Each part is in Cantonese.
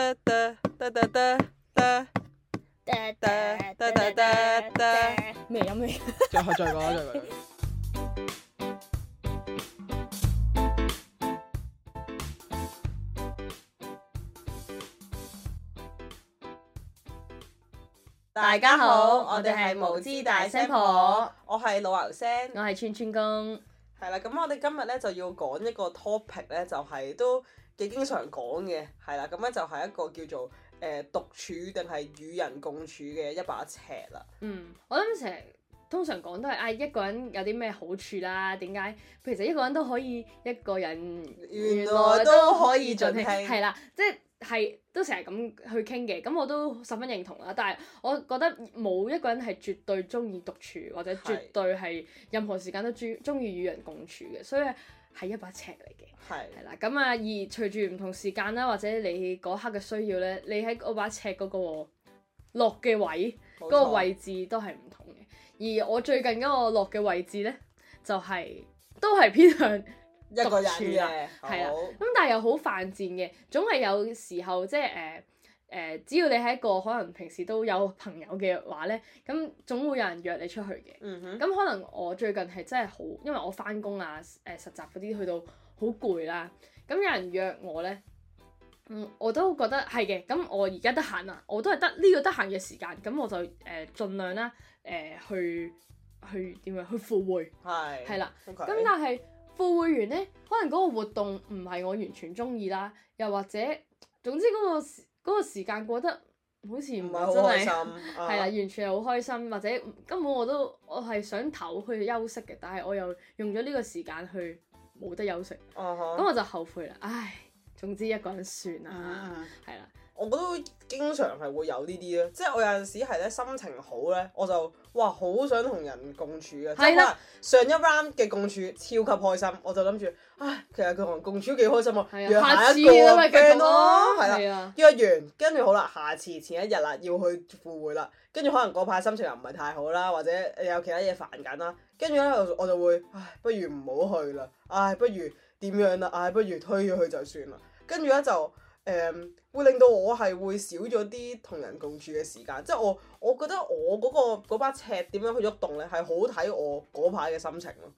大家好，我哋係無知大聲婆，我係老牛聲，我係串串工。係啦，咁我哋今日咧就要講一個 topic 咧，就係都。嘅經常講嘅係啦，咁咧就係一個叫做誒、呃、獨處定係與人共處嘅一把尺啦。嗯，我諗成日通常講都係啊，一個人有啲咩好處啦、啊？點解其實一個人都可以一個人原來都可以盡興，係啦情，即係、就是、都成日咁去傾嘅。咁我都十分認同啦。但係我覺得冇一個人係絕對中意獨處，或者絕對係任何時間都中中意與人共處嘅，的所以。係一把尺嚟嘅，係啦咁啊！而隨住唔同時間啦，或者你嗰刻嘅需要咧，你喺嗰把尺嗰個落嘅位嗰錯個位置都係唔同嘅。而我最近嗰個落嘅位置咧，就係、是、都係偏向一個人嘅，係啦的。咁好但係又好犯賤嘅，總係有時候即係誒。呃誒，只要你係一個可能平時都有朋友嘅話呢，咁總會有人約你出去嘅。咁、嗯、哼可能我最近係真係好，因為我翻工啊，誒實習嗰啲去到好攰啦。咁有人約我呢，嗯、我都覺得係嘅。咁我而家得閒啊，我都係得呢個得閒嘅時間，咁我就誒、呃、盡量啦，誒、呃、去去點樣去赴會係係啦。咁但係赴會完呢，可能嗰個活動唔係我完全中意啦，又或者總之嗰個。嗰個時間過得好似唔係好開心，係啦，完全係好開心，或者根本我都我係想唞去休息嘅，但係我又用咗呢個時間去冇得休息，咁、啊、哈我就後悔啦，唉，總之一個人算啦，係啦、啊哈。我覺得經常係會有呢啲咯，即係我有陣時係咧心情好咧，我就哇好想同人共處嘅。就的可能上一 round 嘅共處超級開心，我就諗住唉，其實佢同人共處都幾開心喎。的約下一個 friend 咯，係啦、啊，的的約完跟住好啦，下次前一日啦要去赴會啦，跟住可能嗰排心情又唔係太好啦，或者有其他嘢煩緊啦，跟住咧我就會唉，不如唔好去啦，唉，不如點樣啦，唉，不如推咗去就算啦，跟住咧就。誒、嗯、會令到我係會少咗啲同人共處嘅時間，即係我我覺得我嗰、嗰個把尺點樣去喐動咧，係好睇我嗰排嘅心情咯，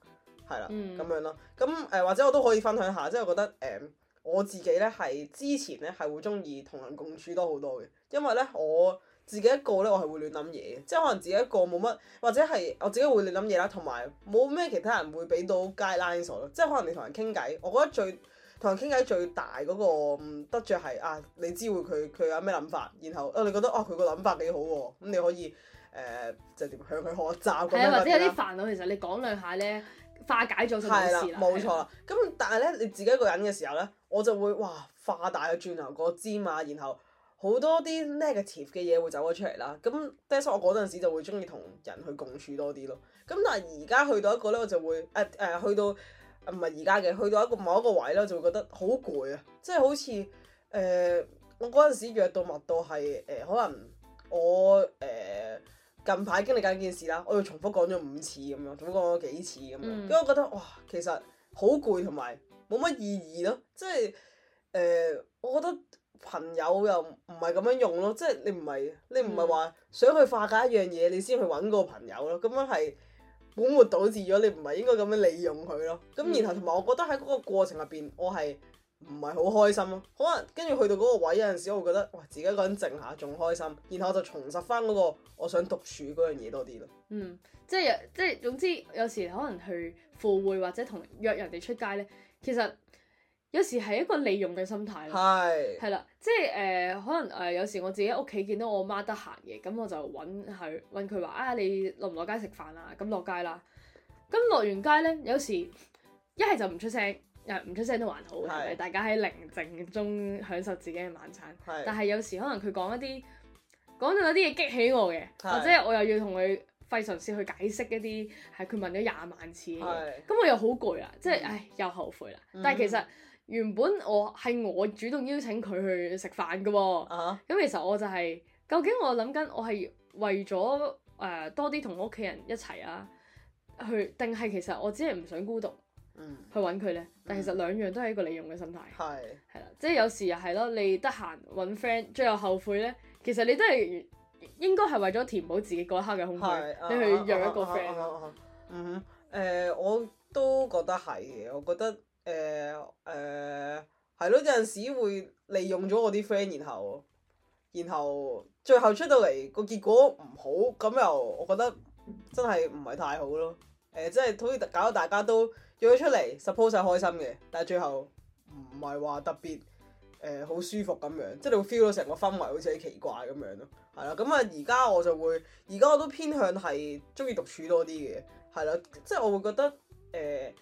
係啦咁樣咯，咁誒、呃、或者我都可以分享下，即係我覺得誒、嗯、我自己咧係之前咧係會中意同人共處多好多嘅，因為咧我自己一個咧我係會亂諗嘢嘅，即係可能自己一個冇乜，或者係我自己會亂諗嘢啦，同埋冇咩其他人會俾到 guidelines 咯，即係可能你同人傾偈，我覺得最。同人傾偈最大嗰個得着係啊，你知會佢佢有咩諗法，然後你、啊、覺得哦佢個諗法幾好喎，咁、啊、你可以誒、呃、就點向佢學習嗰、啊、或者有啲煩惱其實你講兩下咧，化解咗就冇事啦。冇錯啦，咁 但係咧你自己一個人嘅時候咧，我就會哇化大個轉頭個尖嘛，然後好多啲 negative 嘅嘢會走咗出嚟啦。咁，thus 我嗰陣時就會中意同人去共處多啲咯。咁但係而家去到一個咧，我就會誒誒、啊啊啊、去到。唔係而家嘅，去到一個某一個位咧，就會覺得好攰啊！即係好似誒、呃，我嗰陣時約到密到係誒、呃，可能我誒、呃、近排經歷緊一件事啦，我又重複講咗五次咁樣，重複講咗幾次咁樣，因我覺得哇，其實好攰同埋冇乜意義咯，即係誒、呃，我覺得朋友又唔係咁樣用咯，即係你唔係你唔係話想去化解一樣嘢，你先去揾個朋友咯，咁樣係。本末倒置咗，你唔係應該咁樣利用佢咯，咁然後同埋、嗯、我覺得喺嗰個過程入邊，我係唔係好開心咯？可能跟住去到嗰個位有陣時，我覺得哇，自己一個人靜下仲開心，然後我就重拾翻嗰個我想獨處嗰樣嘢多啲咯。嗯，即係即係，總之有時可能去赴會或者同約人哋出街呢，其實。有時係一個利用嘅心態咯，係係啦，即係誒可能誒有時我自己屋企見到我媽得閒嘅，咁我就揾佢揾佢話啊，你落唔落街食飯啊？咁落街啦，咁落完街呢，有時一係就唔出聲，唔出聲都還好，大家喺寧靜中享受自己嘅晚餐。但係有時可能佢講一啲講到有啲嘢激起我嘅，或者我又要同佢費神去解釋一啲係佢問咗廿萬次嘅嘢，咁我又好攰啦，即係又後悔啦，但係其實。原本我係我主動邀請佢去食飯嘅喎、哦，咁、uh、huh. 其實我就係、是、究竟我諗緊，我係為咗誒多啲同屋企人一齊啊，去定係其實我只係唔想孤獨，去揾佢呢？Mm. 但其實兩樣都係一個利用嘅心態，係啦、mm.，即、就、係、是、有時又係咯，你得閒揾 friend，最後後悔呢？其實你都係應該係為咗填補自己嗰一刻嘅空虛，mm. 你去約一個 friend 我都覺得係我覺得。誒誒，係咯、uh, uh,，有陣時會利用咗我啲 friend，然後，然後最後出到嚟個結果唔好，咁又我覺得真係唔係太好咯。誒，即係好似搞到大家都約咗出嚟，suppose 曬開心嘅，但係最後唔係話特別誒好、uh, 舒服咁樣，即、就、係、是、你會 feel 到成個氛圍好似好奇怪咁樣咯。係啦，咁啊而家我就會，而家我都偏向係中意獨處多啲嘅，係啦，即、就、係、是、我會覺得誒。Uh,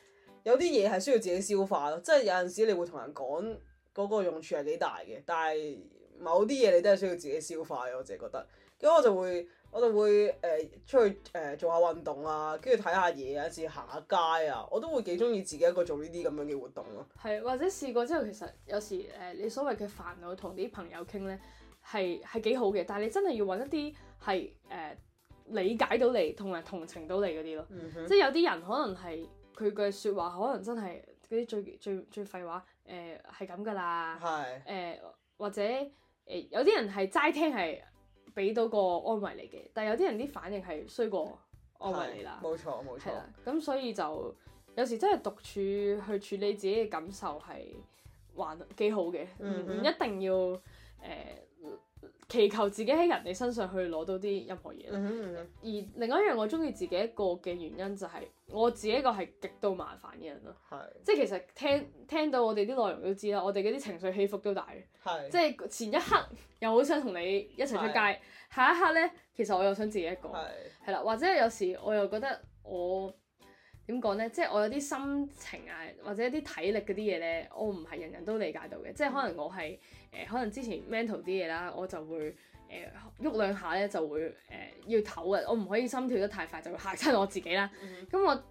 有啲嘢係需要自己消化咯，即係有陣時你會同人講嗰、那個用處係幾大嘅，但係某啲嘢你都係需要自己消化嘅。我自己覺得，咁我就會我就會誒、呃、出去誒、呃、做下運動啊，跟住睇下嘢，有時行下街啊，我都會幾中意自己一個做呢啲咁樣嘅活動咯、啊。係或者試過之後，其實有時誒、呃、你所謂嘅煩惱，同啲朋友傾咧係係幾好嘅，但係你真係要搵一啲係誒理解到你同埋同情到你嗰啲咯。Mm hmm. 即係有啲人可能係。佢嘅説話可能真係嗰啲最最最廢話，誒係咁噶啦，誒係、呃、或者誒、呃、有啲人係齋聽係俾到個安慰嚟嘅，但係有啲人啲反應係衰過安慰你啦。冇錯冇錯，咁所以就有時真係獨處去處理自己嘅感受係還幾好嘅，唔、嗯嗯、一定要誒，呃祈求自己喺人哋身上去攞到啲任何嘢，mm hmm, mm hmm. 而另外一樣我中意自己一個嘅原因就係我自己一個係極度麻煩嘅人咯，是即係其實聽聽到我哋啲內容都知啦，我哋嗰啲情緒起伏都大，是即係前一刻又好想同你一齊出街，是下一刻呢，其實我又想自己一個，係是啦，或者有時我又覺得我。點講呢？即係我有啲心情啊，或者啲體力嗰啲嘢呢，我唔係人人都理解到嘅。即係可能我係誒、呃，可能之前 mental 啲嘢啦，我就會誒喐、呃、兩下呢，就會誒、呃、要唞呀。我唔可以心跳得太快，就會嚇親我自己啦。咁、嗯、哼我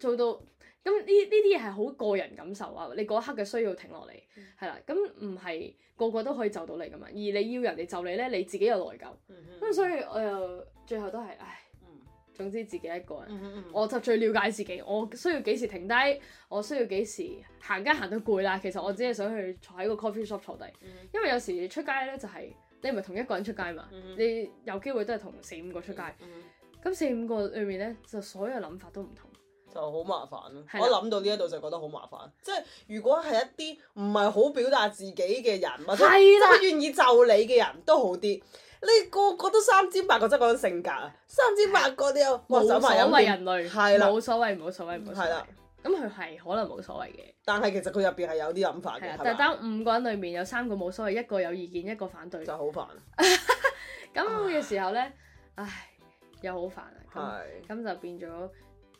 做到咁呢呢啲嘢係好個人感受啊。你嗰一刻嘅需要停落嚟係啦，咁唔係個個都可以就到你㗎嘛，而你要人哋就你呢，你自己又內疚。咁、嗯、哼所以我又最後都係唉、呃。總之自己一個人，mm hmm. 我就最了解自己。我需要幾時停低，我需要幾時行街行到攰啦。其實我只係想去坐喺個 coffee shop 坐低，mm hmm. 因為有時出街咧就係、係、你唔係同一個人出街嘛，mm hmm. 你有機會都係同四五個出街，咁、mm hmm. 四五個裏面咧就所有諗法都唔同。就好麻煩咯！我諗到呢一度就覺得好麻煩，即係如果係一啲唔係好表達自己嘅人，或者都願意就你嘅人都好啲。你個個都三尖八角，即係嗰種性格啊！三尖八角你又冇所謂，人類係啦，冇所謂，冇所謂，冇所謂，係啦。咁佢係可能冇所謂嘅，但係其實佢入邊係有啲諗法嘅。但係等五個人裡面有三個冇所謂，一個有意見，一個反對，就好煩。咁嘅時候咧，唉，又好煩啊！咁咁就變咗。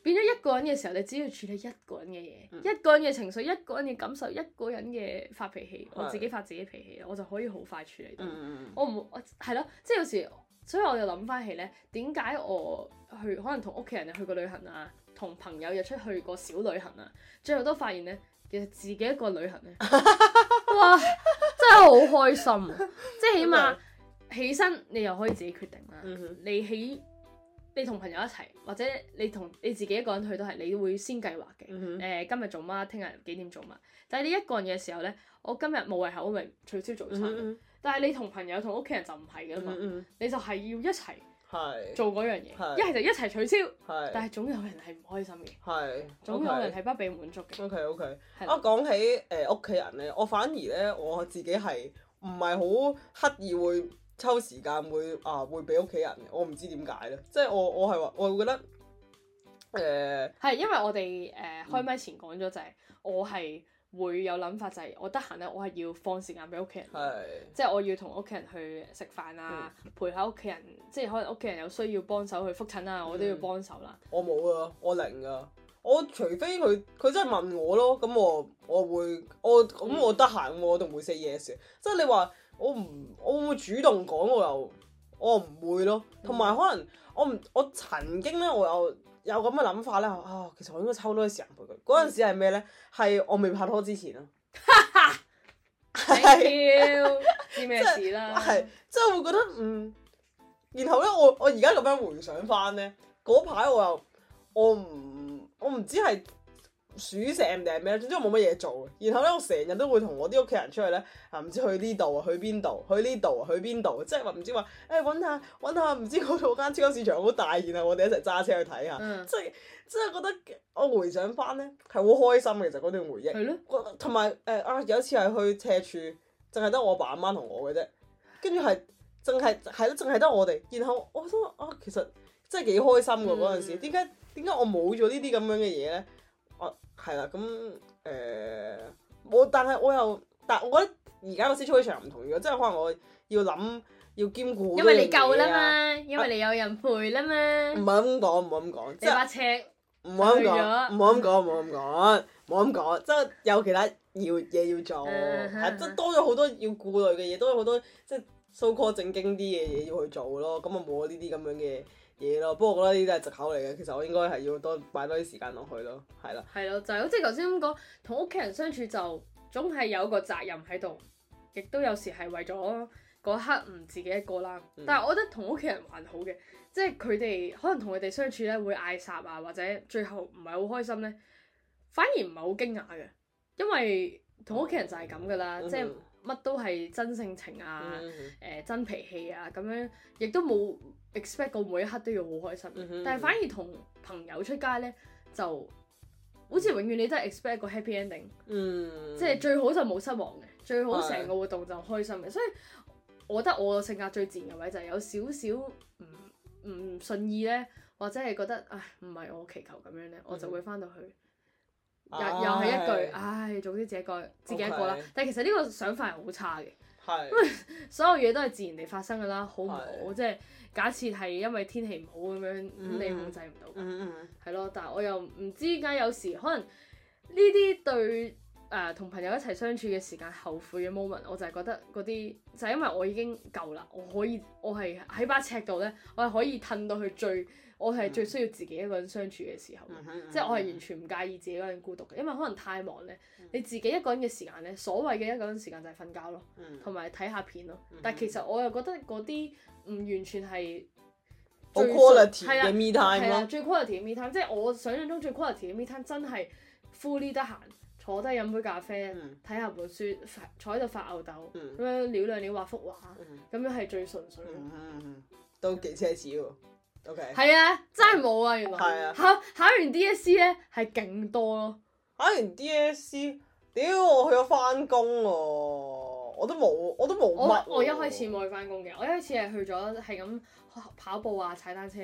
變咗一個人嘅時候，你只要處理一個人嘅嘢，嗯、一個人嘅情緒，一個人嘅感受，一個人嘅發脾氣，的我自己發自己脾氣，我就可以好快處理到、嗯嗯。我唔我係咯，即係有時，所以我就諗翻起呢，點解我去可能同屋企人去過旅行啊，同朋友又出去過小旅行啊，最後都發現呢，其實自己一個旅行呢， 哇，真係好開心，啊， 即係起碼起身你又可以自己決定啦，嗯、哼你起。你同朋友一齊，或者你同你自己一個人去都係，你會先計劃嘅。誒，今日做乜，聽日幾點做乜。但係你一個人嘅時候呢，我今日冇胃口咪取消早餐。但係你同朋友同屋企人就唔係㗎嘛，你就係要一齊做嗰樣嘢，一係就一齊取消。但係總有人係唔開心嘅。係。總有人係不被滿足嘅。O K O K。啊，講起誒屋企人呢，我反而呢，我自己係唔係好刻意會。抽時間會啊會俾屋企人嘅，我唔知點解咧，即、就、係、是、我我係話我會覺得誒係、呃、因為我哋誒、呃、開麥前講咗就係、是嗯、我係會有諗法就係我得閒咧，我係要放時間俾屋企人，即係是我要同屋企人去食飯啊，嗯、陪下屋企人，即、就、係、是、可能屋企人有需要幫手去覆診啊，我都要幫手啦、啊嗯。我冇啊，我零噶，我除非佢佢真係問我咯，咁我我會我咁我得閒我都唔、嗯、會 say yes，即係你話。我唔，我會主動講？我又，我唔會咯。同埋可能我唔，我曾經咧，我又有咁嘅諗法咧。啊，其實我應該抽多啲時間陪佢。嗰陣、嗯、時係咩咧？係我未拍拖之前咯。哈 哈是，你要知咩事啦？係， 即係會覺得嗯。然後咧，我我而家咁樣回想翻咧，嗰排我又，我唔，我唔知係。暑成定係咩？總之我冇乜嘢做。然後咧，我成日都會同我啲屋企人出去咧，啊唔知去呢度啊，去邊度？去呢度啊，去邊度？即係話唔知話誒，揾下揾下，唔知嗰嗰間超級市場好大，然後我哋一齊揸車去睇下。嗯。即係即係覺得我回想翻咧，係好開心嘅。其實嗰段回憶係咧，同埋誒啊有、呃、有一次係去赤柱，淨係得我爸阿媽同我嘅啫。跟住係淨係係咯，淨係得我哋。然後我想啊，其實真係幾開心嘅嗰陣時。點解點解我冇咗呢啲咁樣嘅嘢咧？係啦，咁誒、呃、我，但係我又，但係我覺得而家個思潮一場唔同咗，即係可能我要諗要兼顧、啊，因為你夠啦嘛，因為你有人陪啦嘛。唔係咁講，唔好咁講，即係把尺。唔好咁講，唔好咁講，唔好咁講，即係有其他要嘢要，要做，係 即係多咗好多要顧慮嘅嘢，都有好多，多即係 so call 正經啲嘅嘢要去做咯，咁啊冇啊呢啲咁樣嘅。嘢咯，不過我覺得呢啲係藉口嚟嘅，其實我應該係要多擺多啲時間落去咯，係啦。係咯，就係好似頭先咁講，同屋企人相處就總係有個責任喺度，亦都有時係為咗嗰刻唔自己一個啦。但係我覺得同屋企人還好嘅，即係佢哋可能同佢哋相處咧會嗌霎啊，或者最後唔係好開心咧，反而唔係好驚訝嘅，因為同屋企人就係咁㗎啦，嗯哼，即係。乜都係真性情啊，誒、mm hmm. 呃、真脾氣啊，咁樣亦都冇 expect 過每一刻都要好開心，mm hmm. 但係反而同朋友出街呢，就好似永遠你都係 expect 個 happy ending，mm hmm. 即係最好就冇失望嘅，最好成個活動就開心嘅，mm hmm. 所以我覺得我性格最自然嘅位就係有少少唔唔順意呢，或者係覺得唉唔係我祈求咁樣呢，我就會翻到去。Mm hmm. 啊、又又係一句，唉的、哎，總之自己一個，自己一個啦。但係其實呢個想法係好差嘅，的因為所有嘢都係自然地發生㗎啦，好唔好？的即係假設係因為天氣唔好咁樣，嗯、哼你控制唔到，係咯、嗯哼。但係我又唔知點解有時可能呢啲對。誒同朋友一齊相處嘅時間後悔嘅 moment，我就係覺得嗰啲就係因為我已經夠啦，我可以我係喺把尺度呢，我係可以褪到去最我係最需要自己一個人相處嘅時候，即係我係完全唔介意自己一個人孤獨嘅，因為可能太忙呢，你自己一個人嘅時間呢，所謂嘅一個人時間就係瞓覺咯，同埋睇下片咯。但其實我又覺得嗰啲唔完全係好 quality 嘅 me time 咯，最 quality 嘅 me time，即係我想象中最 quality 嘅 me time 真係 full 啲得閒。坐低飲杯咖啡，睇下本書，坐喺度發牛豆，咁、嗯、樣撩兩撩畫幅畫，咁、嗯、樣係最純粹、嗯嗯嗯。都幾奢侈喎，OK？係啊，真係冇啊，原來。係啊。啊，考考完 DSE 咧係勁多咯，考完 DSE 屌我去咗翻工喎，我都冇，我都冇我一開始冇去翻工嘅，我一開始係去咗係咁跑步啊、踩單車，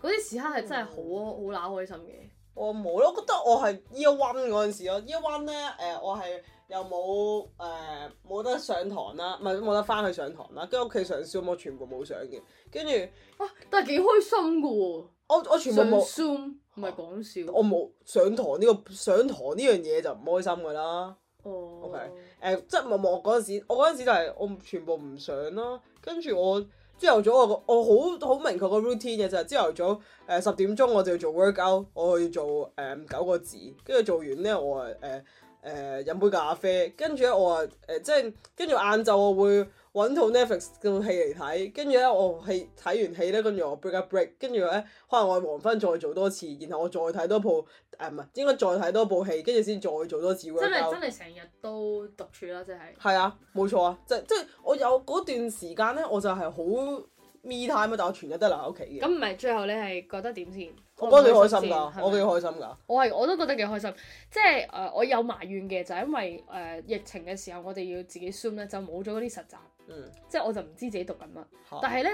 嗰啲時刻係真係、嗯、好好鬧開心嘅。我冇咯，我覺得我係 Year One 嗰陣時咯 Year One 咧，誒、呃、我係又冇誒冇得上堂啦，唔係冇得翻去上堂啦，跟住屋企上書我全部冇、啊、上嘅、這個，跟住，哇！但係幾開心嘅喎、哦 okay. 呃，我、就是、我全部冇，唔係講笑，我冇上堂呢個上堂呢樣嘢就唔開心嘅啦。哦，OK，誒，即係冇冇嗰陣時，我嗰陣時就係我全部唔上啦，跟住我。朝頭早我我好好明確個 routine 嘅就係朝頭早誒十、呃、點鐘我就要做 workout，我去做誒九、呃、個字，跟住做完咧我誒誒飲杯咖啡，跟住咧我話誒、呃、即係跟住晏晝我會。揾套 Netflix 嘅戲嚟睇，跟住咧我戲睇完戲咧，跟住我 break 一 break，跟住咧可能我黃昏再做多次，然後我再睇多部誒唔係應該再睇多部戲，跟住先再做多次真。真係真係成日都獨處啦，即係。係啊，冇錯啊，即即係我有嗰段時間咧，我就係好 me time 啊，但我全日都留喺屋企嘅。咁唔係最後你係覺得點先？我覺得幾開心㗎，我幾開心㗎。我係我都覺得幾開心，即係誒我有埋怨嘅，就係因為誒疫情嘅時候，我哋要自己 zoom 咧，就冇咗嗰啲實習。嗯、即係我就唔知自己讀緊乜，啊、但係呢，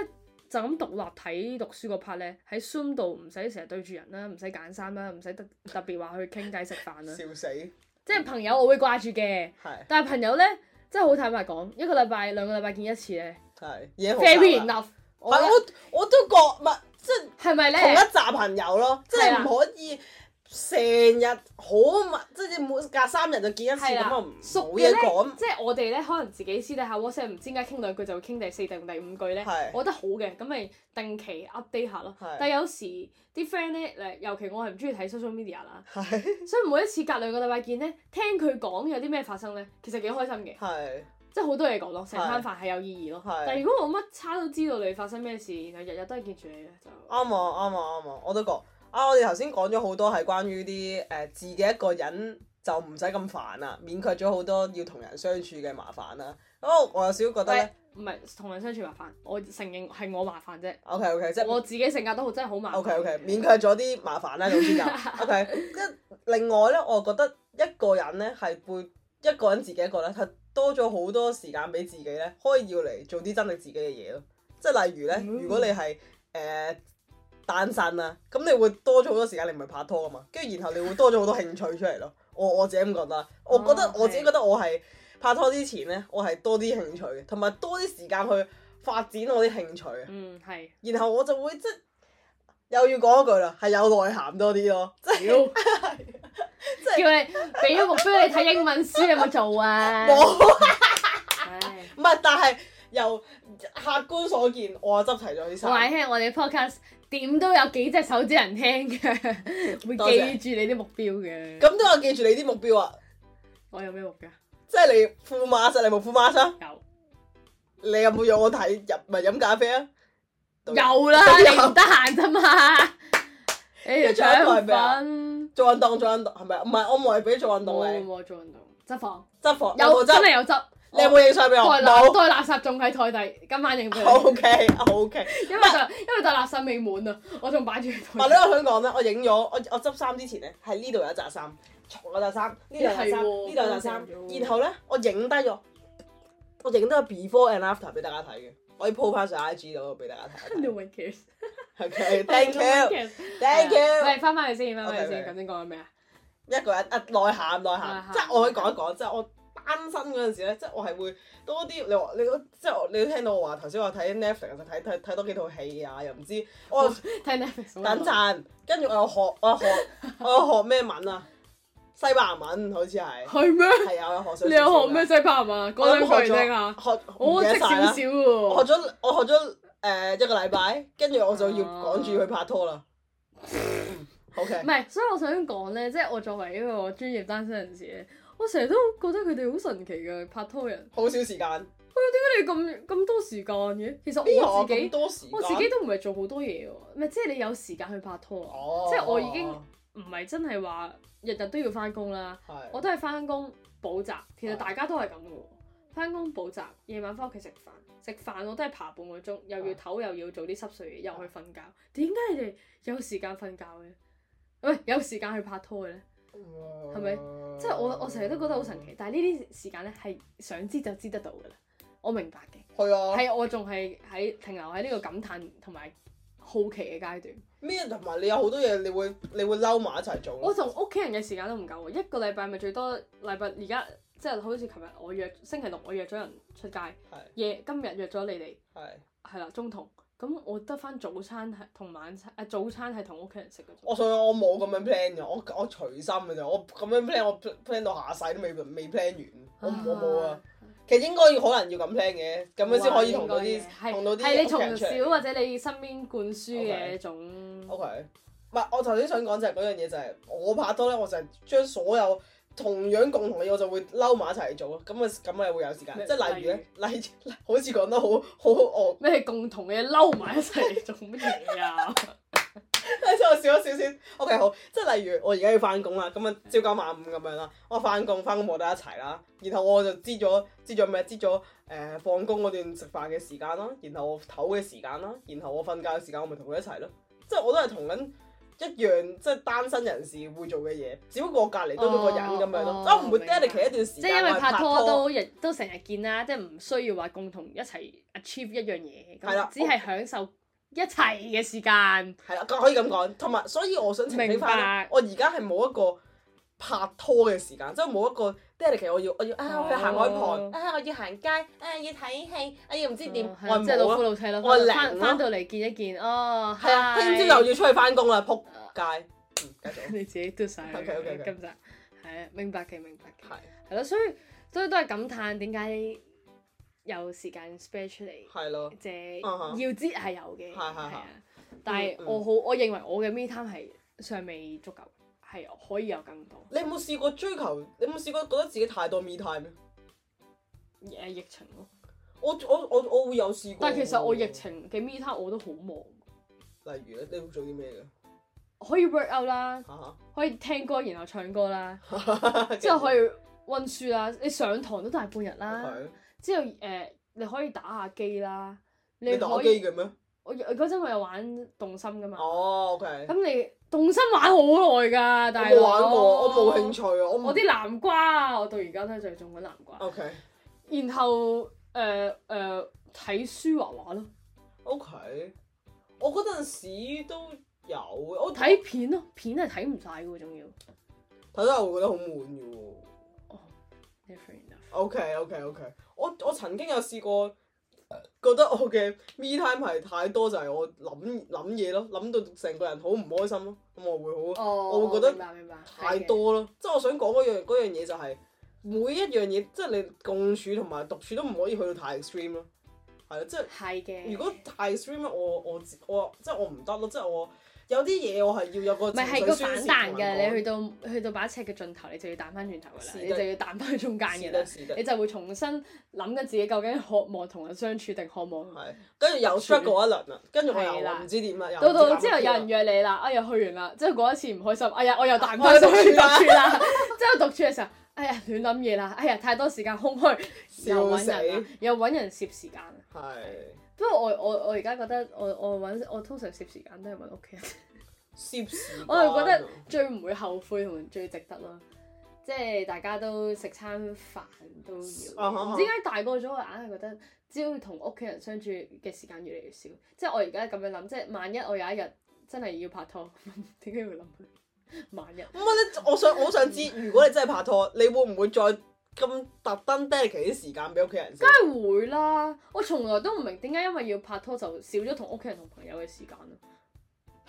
就咁獨立睇讀書嗰 part 呢，喺 Zoom 度唔使成日對住人啦，唔使揀衫啦，唔使特特別話去傾偈食飯啦，笑死！即係朋友我會掛住嘅，嗯、但係朋友呢，真係好坦白講，一個禮拜兩個禮拜見一次呢，係嘢好少。Fair enough，係我，我都覺唔係，即係咪呢？同一紮朋友咯，即係唔可以。成日好密，即係你每隔三日就見一次咁啊，冇嘢啦講。即係我哋咧，可能自己私底下 WhatsApp 唔知點解傾兩句就會傾第四、第四第五句咧。是我覺得好嘅，咁咪定期 update 下咯。是但係有時啲 friend 咧，尤其我係唔中意睇 social media 啦，是所以每一次隔兩個禮拜見咧，聽佢講有啲咩發生咧，其實幾開心嘅。係是。即係好多嘢講咯，成餐飯係有意義咯。是但係如果我乜叉都知道你發生咩事，然後日日都係見住你嘅，就啱啊！啱啊！啱啊！我都覺。啊！我哋頭先講咗好多係關於啲誒、呃、自己一個人就唔使咁煩啦，免卻咗好多要同人相處嘅麻煩啦。咁、哦、我有少少覺得呢，唔係同人相處麻煩，我承認係我麻煩啫。O K O K，即係我自己性格都好，真係好麻。O K O K，免卻咗啲麻煩咧 okay, okay,，老師教。O K，跟另外咧，我覺得一個人咧係會一個人自己一個咧，係多咗好多時間俾自己咧，可以要嚟做啲真係自己嘅嘢咯。即係例如咧，如果你係誒。呃 單身啦，咁你會多咗好多時間，你唔係拍拖吖嘛？跟住然後你會多咗好多興趣出嚟咯。我我自己咁覺得，我覺得我自己覺得我係拍拖之前咧，我係多啲興趣，同埋多啲時間去發展我啲興趣。嗯，係。然後我就會即又要講一句啦，係有內涵多啲咯。即係，叫你俾咗目標你睇英文書有冇做啊？冇。唔係，但係由客觀所見，我執齊咗啲衫。我哋 podcast。點都有幾隻手指人聽嘅， 會記住你啲目標嘅。咁都有記住你啲目標,目標啊？我有咩目標？即係你敷 mask 你冇敷 mask 有。你有冇讓我睇入唔係飲咖啡啊？有啦，有你唔得閒咋嘛？跟 做緊訓，做運動做係咪？唔係我冇嚟俾做運動嘅。冇冇做運動，執房執房有,有真係有執。你有冇影相俾我？冇，袋垃圾仲喺台底。今晚影俾我。O K，O K。因為就因為袋垃圾未滿啊，我仲擺住喺。唔係想講咧，我影咗我我執衫之前咧，喺呢度有一紮衫，從嗰紮衫，呢度有衫，呢度有紮衫，然後咧我影低咗，我影得個 before and after 俾大家睇嘅，我可以 po 翻上 IG 度俾大家睇。No one cares. Okay, thank you. Thank you. 來翻翻頭先啊。頭先講緊咩啊？一個人啊內涵內涵，即係我可以講一講，即係我。單身嗰陣時咧，即係我係會多啲你話你即係你聽到我話頭先話睇 Netflix 睇睇睇多幾套戲啊，又唔知我睇 Netflix 等陣，跟住我又學我又學我又學咩文啊，西班牙文好似係係咩係啊？我又學你又學咩西班牙文？我諗過學我識少少喎。我學咗我學咗誒一個禮拜，跟住我就要趕住去拍拖啦。O K，唔係，所以我想講咧，即係我作為一個專業單身人士咧。我成日都覺得佢哋好神奇嘅拍拖人，好少時間。喂，點解你咁咁多時間嘅？其實我自己，哎、多時我自己都唔係做好多嘢嘅，唔係即係你有時間去拍拖。哦、即係我已經唔係真係話日日都要返工啦。是我都係返工補習。其實大家都係咁嘅，返工的補習，夜晚返屋企食飯，食飯我都係爬半個鐘，又要唞的，又要做啲濕碎嘢，又去瞓覺。點解的你哋有時間瞓覺嘅？喂，有時間去拍拖嘅咧？係咪？即係我我成日都覺得好神奇，但係呢啲時間呢係想知就知得到噶啦，我明白嘅。係啊的，係我仲係喺停留喺呢個感嘆同埋好奇嘅階段。咩？同埋你有好多嘢，你會你會嬲埋一齊做。我同屋企人嘅時間都唔夠，一個禮拜咪最多禮拜。而家即係好似琴日我約星期六我約咗人出街，夜的今日約咗你哋，係係啦中同。咁我得翻早餐係同晚餐，誒、啊、早餐係同屋企人食嘅。我所以我冇咁樣 plan 嘅，我我隨心嘅咋，我咁樣 plan 我 plan 到下世都未未 plan 完，啊、我我冇啊。其實應該要可能要咁 plan 嘅，咁樣先可以同到啲，同到啲。係是你從小或者你身邊灌輸嘅一種。OK，唔係我頭先想講就係、是、嗰樣嘢就係、是、我拍拖咧，我就係將所有。同樣共同嘅嘢我就會撈埋一齊做咯，咁啊咁啊會有時間，麼即係例如咧，例好似講得好好惡咩共同嘅嘢撈埋一齊做咩啊？ 即係我笑咗少少，OK 好，即係例如我而家要翻工啦，咁啊朝九晚五咁樣啦，我翻工翻工冇得一齊啦，然後我就知咗知咗咩知咗誒放工嗰段食飯嘅時間啦，然後我唞嘅時間啦，然後我瞓覺嘅時間我咪同佢一齊咯，即係我都係同緊。一樣即係單身人士會做嘅嘢，只不過隔離多咗個人咁樣咯。啊、哦，唔、哦、會 dedicate< 白>一段時間。即係因為拍拖都亦拖都成日見啦，即係唔需要話共同一齊 achieve 一樣嘢。係啦的，只係享受一齊嘅時間。係啦、哦，可以咁講。同埋所以我想澄清返，白我而家係冇一個拍拖嘅時間，白即係冇一個。即係其實我要我要啊，我要行海旁啊，我要行街，誒要睇戲，我要唔知點，即係老夫老妻咯，我翻翻到嚟見一見哦。係啊，聽朝又要出去翻工啦，仆街，繼續，你自己 do 曬啦，今日係啊，明白嘅，明白嘅，係係咯，所以所以都係感嘆點解有時間 spare 出嚟係咯，即要知係有嘅，係係啊，但係我好，我認為我嘅 me time 係尚未足夠。係可以有更多。你有冇試過追求？你有冇試過覺得自己太多 me time 咩？誒疫情咯。我我我我會有試過。但係其實我疫情嘅 me time 我都好忙。例如咧，你做啲咩嘅？可以 work out 啦，可以聽歌然後唱歌啦，之後可以温書啦。你上堂都大半日啦，之後誒你可以打下機啦。你打機嘅咩？我我嗰陣我有玩動心㗎嘛。哦，OK。咁你？動身玩好耐噶，但係冇玩過。我冇興趣啊！我我啲南瓜啊，我到而家都仲種緊南瓜。O K。然後誒誒睇書畫畫咯。O K。我嗰陣時都有。我睇片咯，片係睇唔晒噶喎，仲要睇得我會覺得好悶噶喎。哦。O K O K O K。我我曾經有試過。覺得我嘅 me time 係太多，就係、係、我諗諗嘢咯，諗到成個人好唔開心咯，咁我會好，哦、我會覺得太多咯。即係我想講嗰樣嗰樣嘢就係、係、每一樣嘢，即係你共處同埋獨處都唔可以去到太 extreme 咯。係啊，即係嘅如果太 extreme 我我我即係我唔得咯，即係我，我。有啲嘢我係要有個，唔係係個反彈嘅，你去到去到把尺嘅盡頭，你就要彈翻轉頭噶啦，你就要彈翻去中間嘅啦，你就會重新諗緊自己究竟渴望同人相處定渴望，跟住又出過一輪啦，跟住又唔知點又到到之後有人約你啦，哎呀去完啦，之後過一次唔開心，哎呀我又彈翻出獨處啦，之後獨處嘅時候，哎呀亂諗嘢啦，哎呀太多時間空虛，又揾人，又揾人攝時間。係。不過我我我而家覺得我我揾我通常攝時間都係揾屋企人 攝，我就覺得最唔會後悔同最值得咯。即係大家都食餐飯都要，唔知點解大個咗我硬係覺得只要同屋企人相處嘅時間越嚟越少。即係我而家咁樣諗，即係萬一我有一日真係要拍拖，點 解要諗萬一？唔係你，我想我想知，如果你真係拍拖，你會唔會再？咁特登 date 期啲時間俾屋企人，梗係會啦！我從來都唔明點解，因為要拍拖就少咗同屋企人同朋友嘅時間咯。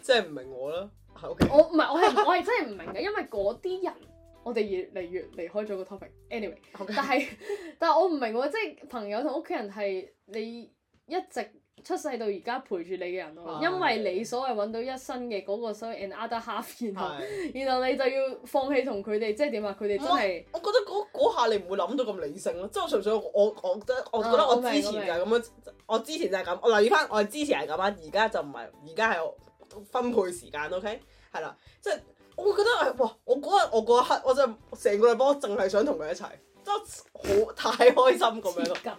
即係唔明我啦，喺屋企。我唔係，我係我係真係唔明嘅， 因為嗰啲人，我哋越嚟越離開咗個 topic anyway，Okay。但係但係我唔明喎，即係朋友同屋企人係你一直。出世到而家陪住你嘅人咯，啊、因為你所謂揾到一生嘅嗰個所謂 another half，然後是的 然後你就要放棄同佢哋，即係點啊？佢哋真係我，我覺得嗰下你唔會諗到咁理性咯，即係我純粹我我我覺得我覺得我之前就係咁樣，我之前就係咁。留意翻我之前係咁啊，而家就唔係，而家係分配時間，OK？係啦，即、就、係、是、我覺得哇！我嗰日我嗰一刻，我真係成個禮拜我淨係想同佢一齊，真係好 太開心咁瘋 瘋 樣咯。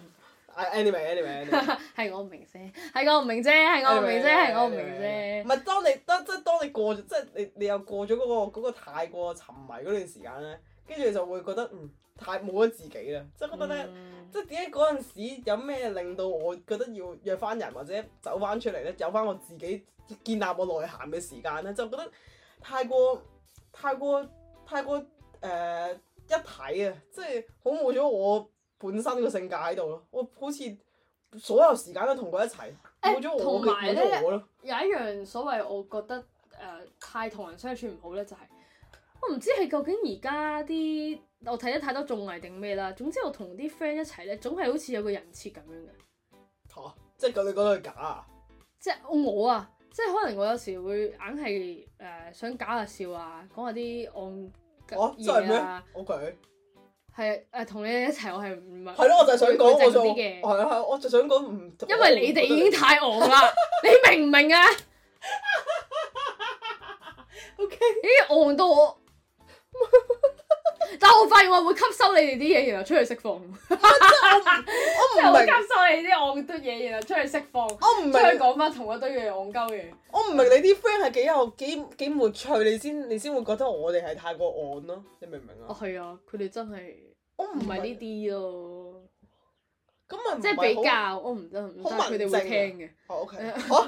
Uh, Anyway，Anyway，係 我唔明啫，係我唔明啫，係我唔明啫，係 anime, 我唔明啫。唔係 anime, 當你當即係當你過咗，即係你你又過咗嗰、那個嗰、那個太過沉迷嗰段時間咧，跟住就會覺得嗯太冇咗自己啦，即係覺得咧，嗯、即係點解嗰陣時有咩令到我覺得要約翻人或者走翻出嚟咧，有翻我自己建立我內涵嘅時間咧，就覺得太過太過太過誒、呃、一睇啊，即係好冇咗我。本身個性格喺度咯，我好似所有時間都同佢一齊，冇咗、欸、我嘅嗰個我，有，了我了有一樣所謂我覺得誒、呃、太同人相處唔好咧，就是，就係我唔知係究竟而家啲我睇得太多綜藝定咩啦。總之我同啲 friend 一齊咧，總係好似有個人設咁樣嘅。嚇、啊！即係你覺得係假啊？即係我啊！即係可能我有時會硬係誒想搞下笑啊，講下啲戇嘢啊。O K，啊。真係誒同你一齊，我係唔係？係咯，我就係想講啲種，係啊係，我就想講唔。因為你哋已經太餓啦， 你明唔明啊 ？OK，啲餓、欸、到～我。 但我發現我會吸收你哋啲嘢，然後出去釋放。我唔明。即係 吸收你啲戇督嘢，然後出去釋放，我唔出佢講翻同一堆嘢戇鳩嘅。我唔明你啲 friend 係幾有幾幾冇趣，你先你先會覺得我哋係太過戇咯，你明唔明啊，啊？我係啊，佢哋真係我唔係呢啲咯。咁即係比較，我唔得，唔知佢哋會聽嘅。嚇，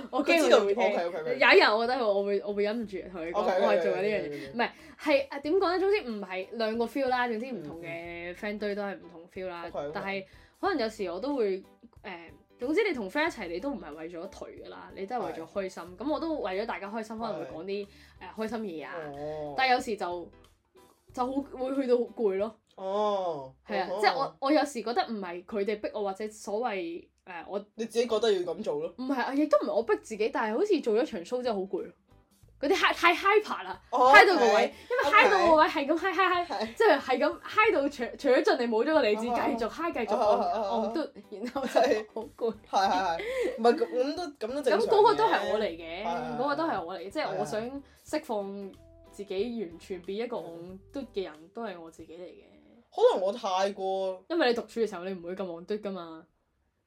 我驚佢哋會聽。有一日我覺得我我會我會忍唔住同你講，我係做緊呢樣嘢。唔係係點講咧？總之唔係兩個 feel 啦。總之唔同嘅 friend 堆都係唔同 feel 啦。但係可能有時我都會誒，總之你同 friend 一齊你都唔係為咗頹噶啦，你都係為咗開心。咁我都為咗大家開心，可能會講啲誒開心嘢啊。但係有時就。就好會去到好攰咯。哦，係啊，即係我我有時覺得唔係佢哋逼我或者所謂誒我你自己覺得要咁做咯。唔係，亦都唔係我逼自己，但係好似做咗場 show 真係好攰。嗰啲 high 太 high 爬啦，high 到個位，因為 high 到個位係咁 high high high 即係係咁 high 到除除咗盡你冇咗個理智，繼續 high 繼續，我都然後就好攰。係係，唔係咁都咁都。咁嗰個都係我嚟嘅，嗰個都係我嚟，即係我想釋放。自己完全變一個戇嘟嘅人都係我自己嚟嘅。可能我太過，因為你讀書嘅時候你唔會咁戇嘟噶嘛。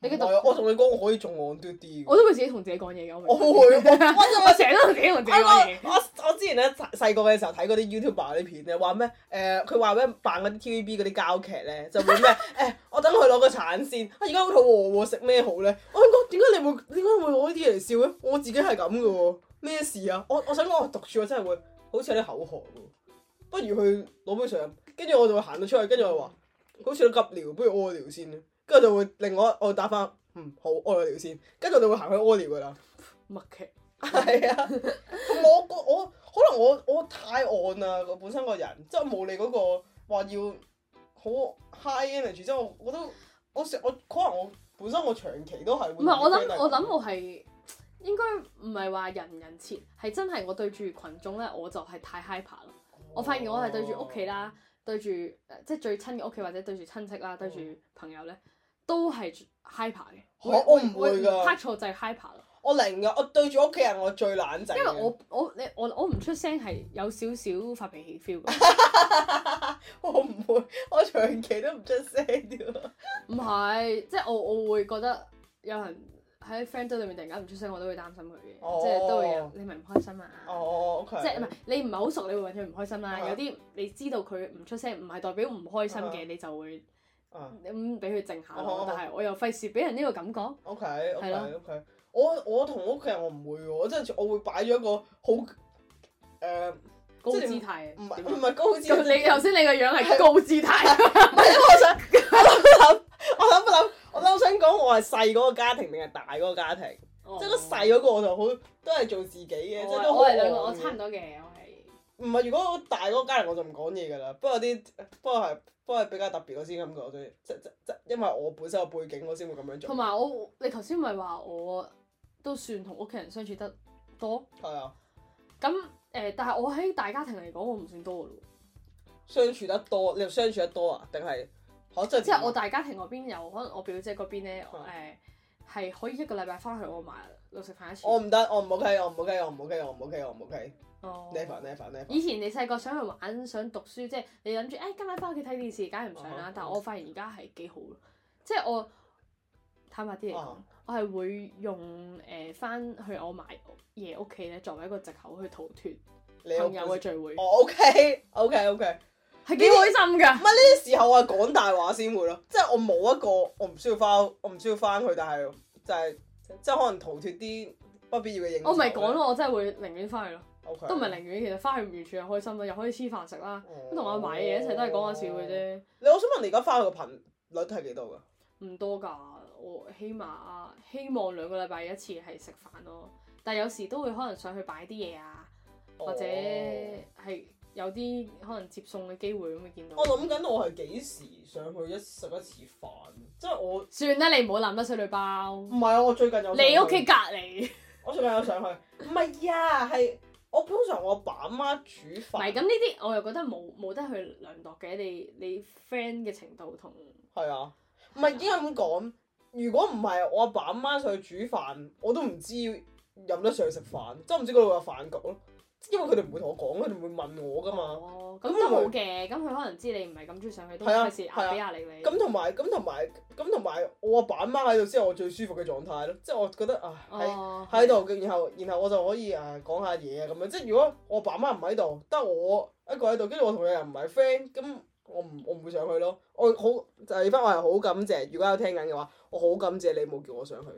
是你我同你講，我可以仲戇嘟啲。我，我，我都會自己同自己講嘢我會，我我成日都同自己講嘢。我我，我之前咧細個嘅時候睇嗰啲 YouTuber 啲片咧，話咩誒？佢話咩扮嗰啲 TVB 嗰啲膠劇咧，就會咩誒、 哎？我等佢攞個橙先。而家好肚餓喎，食咩好咧？我點解點解你會點解會攞呢啲嚟笑咧？我自己係咁嘅喎，咩事啊？我啊我，我想講、啊，我讀書我，我，、啊、我真係會。好似有啲口渴喎，不如去攞杯水。跟住我就會行到出去，跟住我話：佢好似有急尿，不如屙尿先。跟住就會令我我答返，嗯好，屙尿先。跟住我就會行、嗯、去屙尿噶啦。乜劇麼？係啊， 我我,我可能我我太按啦，我本身個人即係冇你嗰個話要好 high energy，即係我我都我成我可能我本身我長期都係會。唔係，我諗我諗我係。應該唔係話人人切，係真係我對住群眾咧，我就係太 hyper 咯。Oh. 我發現我係對住屋企啦，對住即係最親嘅屋企或者對住親戚啦，oh. 對住朋友咧，都係 hyper 嘅。Oh, 我我唔會噶，會會拍錯就係 hyper 咯。我零噶，我對住屋企人我最冷靜。因為我我，我你我我唔出聲係有少少發脾氣 feel。 我唔會，我長期都唔出聲。唔係， 即係我我，我會覺得有人。喺 friend 堆裏面突然間唔出聲，我都會擔心佢嘅，即係都會有你咪唔開心啊？哦，O K，即係唔係你唔係好熟，你會揾佢唔開心啦。有啲你知道佢唔出聲，唔係代表唔開心嘅，你就會你咁俾佢靜下，但係我又費事俾人呢個感覺。O K，O K，O K。我我同屋企人我唔會喎，即係我會擺咗一個好誒高姿態。唔係唔係高姿態。你頭先你個樣係高姿態。我想我諗我諗一諗。我都想講，我係細嗰個家庭定係大嗰個家庭？Oh，即係都細嗰個，我就好都係做自己嘅。oh，即係都。可係兩個，嗯、我差唔多嘅，我係。唔係，如果大嗰個家庭，我就唔講嘢噶啦。不過啲，不過係，不過係比較特別嗰啲感覺，我對，即即即，即因為我本身嘅背景，我先會咁樣做。同埋我，你頭先咪話我都算同屋企人相處得多？係啊的。咁誒、呃，但係我喺大家庭嚟講，我唔算多咯。相處得多，你又相處得多啊？定係？啊、即係我大家庭嗰邊，有可能我表姐嗰邊咧，誒，係可以一個禮拜翻去我嫲六食飯一次。我唔得，我唔 OK，我唔 OK，我唔 OK，我唔 OK，我唔 OK。哦。Never, never, never. 以前你細個想去玩、想讀書，即係你諗住誒今晚翻屋企睇電視，梗係唔想啦。啊、但係我發現而家係幾好、啊、即係我坦白啲嚟講，啊、我係會用誒翻、呃、去我埋爺屋企咧作為一個藉口去逃脫有朋友嘅聚會。哦，OK，OK，OK。哦哦哦哦哦哦。係幾開心噶？唔係呢啲時候我， 我講大話先會咯。即係我冇一個，我唔需要翻，我唔需要翻去。但係就係、是、即係可能逃脱啲不必要嘅影響。我唔係講咯，我真係會寧願翻去咯。O Okay . K，都唔係寧願，其實翻去完全係開心咯，又可以黐飯食啦。Oh. 買都同阿米嘢一齊都係講下笑嘅啫。Oh. 你我想問你而家翻去嘅頻率係幾多噶？唔多㗎，我起碼希望兩個禮拜一次係食飯咯。但係有時都會可能上去擺啲嘢啊，或者係。Oh. 有啲可能接送嘅機會咁，會見到。我諗緊，我係幾時上去一食一次飯？即係我算啦，你唔好諗得出去包。唔係啊，我最近有你屋企隔離。我最近有上去。唔係 啊，係我通常我阿爸阿媽煮飯。唔係咁呢啲，我又覺得冇冇得去量度嘅。你你 friend 嘅程度同係啊，唔係應該咁講？ 如果唔係我阿爸阿媽上去煮飯，我都唔知飲得上去食飯，都唔知嗰度有飯局咯。因為佢哋唔會同我講，佢哋會問我噶嘛。哦，咁 都樂好嘅，咁佢可能知你唔係咁中意上去。都開始壓低下你。咁同埋，咁同埋，咁同埋，我阿爸阿媽喺度先係我最舒服嘅狀態咯。即、就、係、是、我覺得啊，喺度，然後然後我就可以誒講、啊、下嘢啊咁樣。即係如果我阿爸阿媽唔喺度，得我一個喺度，跟住我同佢又唔係 friend，咁我唔我唔會上去咯。 我好就係翻，我係好感謝。如果有聽緊嘅話，我好感謝你冇叫我上去。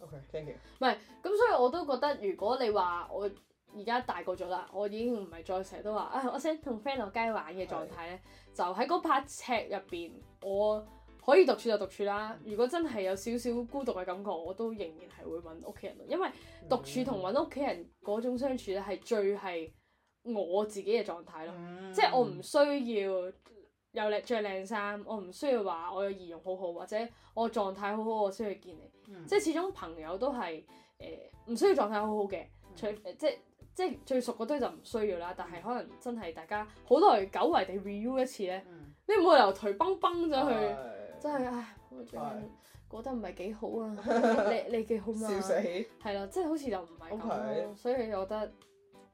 O K，thank you。唔係咁，所以我都覺得如果你話我。而家大個咗啦，我已經唔係再成日都話啊、哎！我想同 friend 落街玩嘅狀態咧，是的 就喺嗰把尺入邊，我可以獨處就獨處啦。如果真係有少少孤獨嘅感覺，我都仍然係會揾屋企人。因為獨處同揾屋企人嗰種相處咧，係最係我自己嘅狀態咯。即係的我唔需要又靚著靚衫，我唔需要話我嘅儀容好好，或者我狀態好好，我先去見你。即係是的、嗯、始終朋友都係誒，唔、呃、需要狀態好好嘅，除、呃呃、即係。即係最熟嗰堆就唔需要啦，但係可能真係大家好多人久違地 review 一次咧，嗯、你冇理由頹崩崩咗去，的真係唉，我最近的覺得唔係幾好啊！ 你你幾好啊？笑死！係咯，即係好似就唔係咁，Okay. 所以我覺得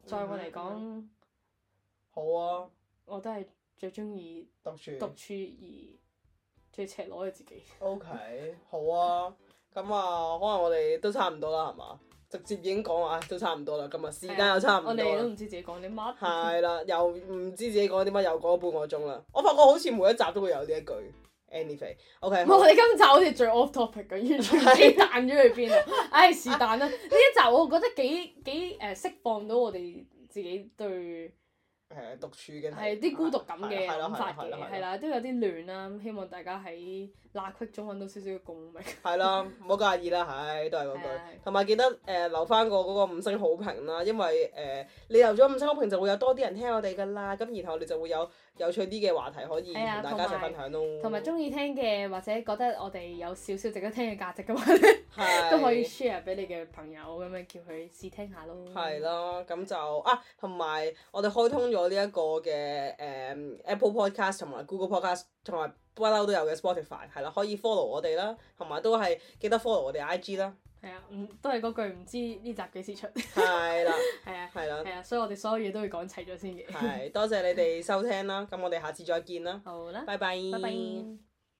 在 Yeah. 我嚟講，好啊！我都係最中意獨處，獨處而最赤裸嘅自己。 OK，好啊，咁啊，可能我哋都差唔多啦，係嘛？直接已經講話、哎，都差唔多啦。今日時間又差唔多、啊、我哋都唔知自己講啲乜。係啦，又唔知自己講啲乜，又講半個鐘啦。我發覺好似每一集都會有呢一句。Anyway，OK？y、anyway, 不好我哋今集好似最 off topic 嘅，完全唔知彈咗去邊。唉、 哎，是但啦。呢 一集我覺得幾 幾誒、uh, 釋放到我哋自己對。誒獨處嘅係啲孤獨感嘅諗法嘅，係啦，都有啲亂啦。希望大家喺拉闊中揾到少少共鳴。係啦，唔好介意啦，唉，都係嗰句。同埋記得誒留翻個嗰個五星好評啦，因為誒你留咗五星好評就會有多啲人聽我哋噶啦。咁然後你就會有有趣啲嘅話題可以同大家一齊分享咯。同埋中意聽嘅或者覺得我哋有少少值得聽嘅價值嘅話咧，都可以 share 俾你嘅朋友咁樣叫佢試聽下咯。係咯，咁就啊，同埋我哋開通咗。我呢一個嘅誒、嗯、Apple Podcast 同埋 Google Podcast 同埋不嬲都有嘅 Spotify 係啦，可以 follow 我哋啦，同埋都係記得 follow 我哋 IG 啦。係啊，唔、嗯、都係嗰句，唔知呢集幾時出。係啦的，係啊， 係啦，係啊，所以我哋所有嘢都要講齊咗先嘅。係，多謝你哋收聽啦，咁 我哋下次再見啦。好啦，拜拜。拜拜。